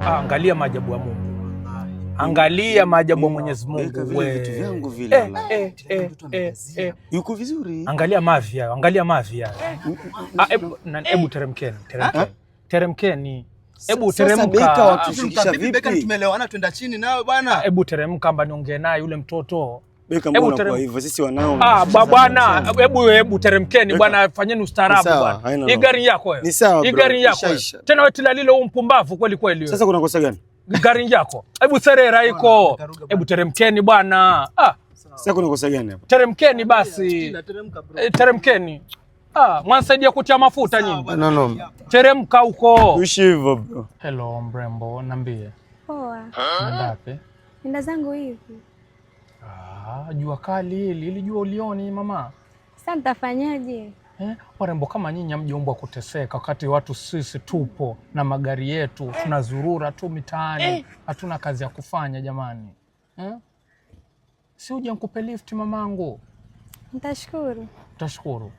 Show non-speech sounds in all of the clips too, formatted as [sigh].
Angalia maajabu ya Mungu. Angalia maajabu ya Mwenyezi Mungu. Eh, eh, eh, Yuko vizuri. Angalia mavi hayo, angalia mavi hayo. Hebu teremkeni, teremkeni. Ah? Teremkeni. Hebu teremka. Tumeelewana, twenda chini nawe bwana. Hebu ah, teremka, mba niongee naye yule mtoto Ah, bwana, hebu hebu teremkeni bwana, fanyeni ustaarabu bwana. Hii gari yako Ni sawa. Hii gari yako. Tena wewe tilalilo huu mpumbavu kweli kweli. Sasa kuna kosa gani? Gari yako. Hebu serera iko. Hebu teremkeni bwana. Ah. Sasa kuna kosa gani hapa? Teremkeni basi. Eh, teremkeni. Ah, mwanisaidia kutia mafuta nyinyi. No, no. Teremka huko. Uishi hivyo bro. Hello mrembo, niambie. Poa. Nenda zangu hivi. Ah. Ah, jua kali hili ili jua ulioni mama. Sasa nitafanyaje? Eh, warembo kama nyinyi hamjaumbwa kuteseka, wakati watu sisi tupo na magari yetu eh. tunazurura tu mitaani, eh. hatuna kazi ya kufanya jamani eh? Si uje nikupe lift mamangu? Ntashukuru, ntashukuru.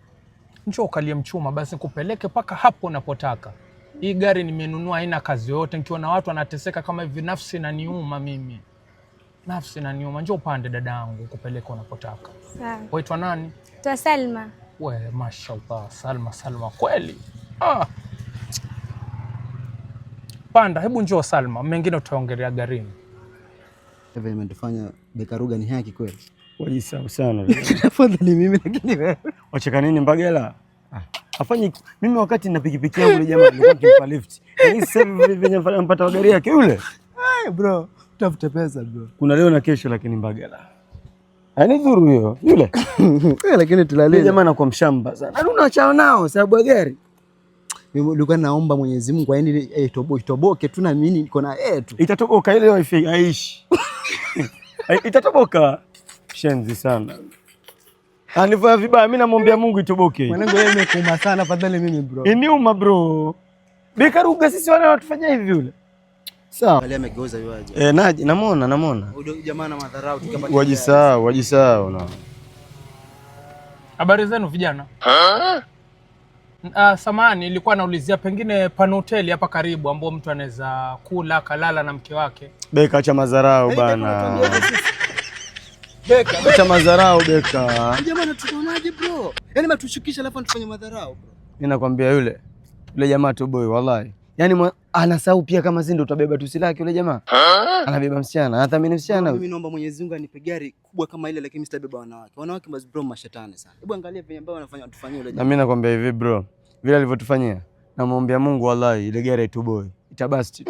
Njoo ukalie mchuma basi kupeleke paka hapo unapotaka. Hii gari nimenunua, haina kazi yoyote. nikiona watu wanateseka kama hivi, nafsi inaniuma mimi nafsi na naniuma. Njoo upande dadangu, kupeleka unapotaka. Sawa. Waitwa nani? Twa Salma. We, mashallah, Salma Salma kweli. Ah. Panda, hebu njoo Salma, mengine utaongelea garini. Fanya Bekaruga ni haki kweli. Wajisau sana. [laughs] Tafadhali mimi lakini wewe. Wacheka nini Mbagela? Ah. Afanye mimi wakati na pikipiki yangu ile jamaa nilikuwa akimpa lift. Yaani sasa hivi venye anampata gari yake yule. Hey bro tutafute pesa bro. Kuna leo na kesho, lakini Mbagala ani ah, dhuru hiyo yule [laughs] eh, lakini tulalia jamaa na kwa mshamba sana, na yaani unaacha nao sababu ya gari. Mimi Nilikuwa naomba Mwenyezi Mungu aende eh, tobo itoboke tu, na mimi niko na yetu eh, itatoboka ile wifi haishi. [laughs] Eh, itatoboka. Shenzi sana alivaa ah, vibaya, mimi namwambia Mungu itoboke. Mwanangu wewe umekuma sana, fadhali mimi bro, iniuma bro, bikaruga sisi wana watufanya hivi yule Sawa. amegeuza Eh, naji namuona namuona. namwona. Jamaa na madharau wajisahau, wajisahau na. Habari zenu vijana. Ah, samani ilikuwa naulizia pengine pana hoteli hapa karibu ambao mtu anaweza kula kalala na mke wake. Beka, acha madharau bana. Beka, acha madharau Beka. Jamaa tunaonaje bro? Yaani matushukisha alafu tufanye madharau bro. Ninakwambia yule yule jamaa tu boy wallahi. Yaani anasahau pia kama si ndo utabeba tusi lake yule jamaa. Anabeba msichana, anathamini msichana. Mimi naomba Mwenyezi Mungu anipe gari kubwa kama ile lakini sitabeba wanawake. Wanawake bro mashetani sana. Hebu angalia venye ambao wanafanya watufanyie yule jamaa. Na mimi nakwambia hivi bro, vile alivyotufanyia, namwombea Mungu wallahi ile gari itoboe. Itabasti.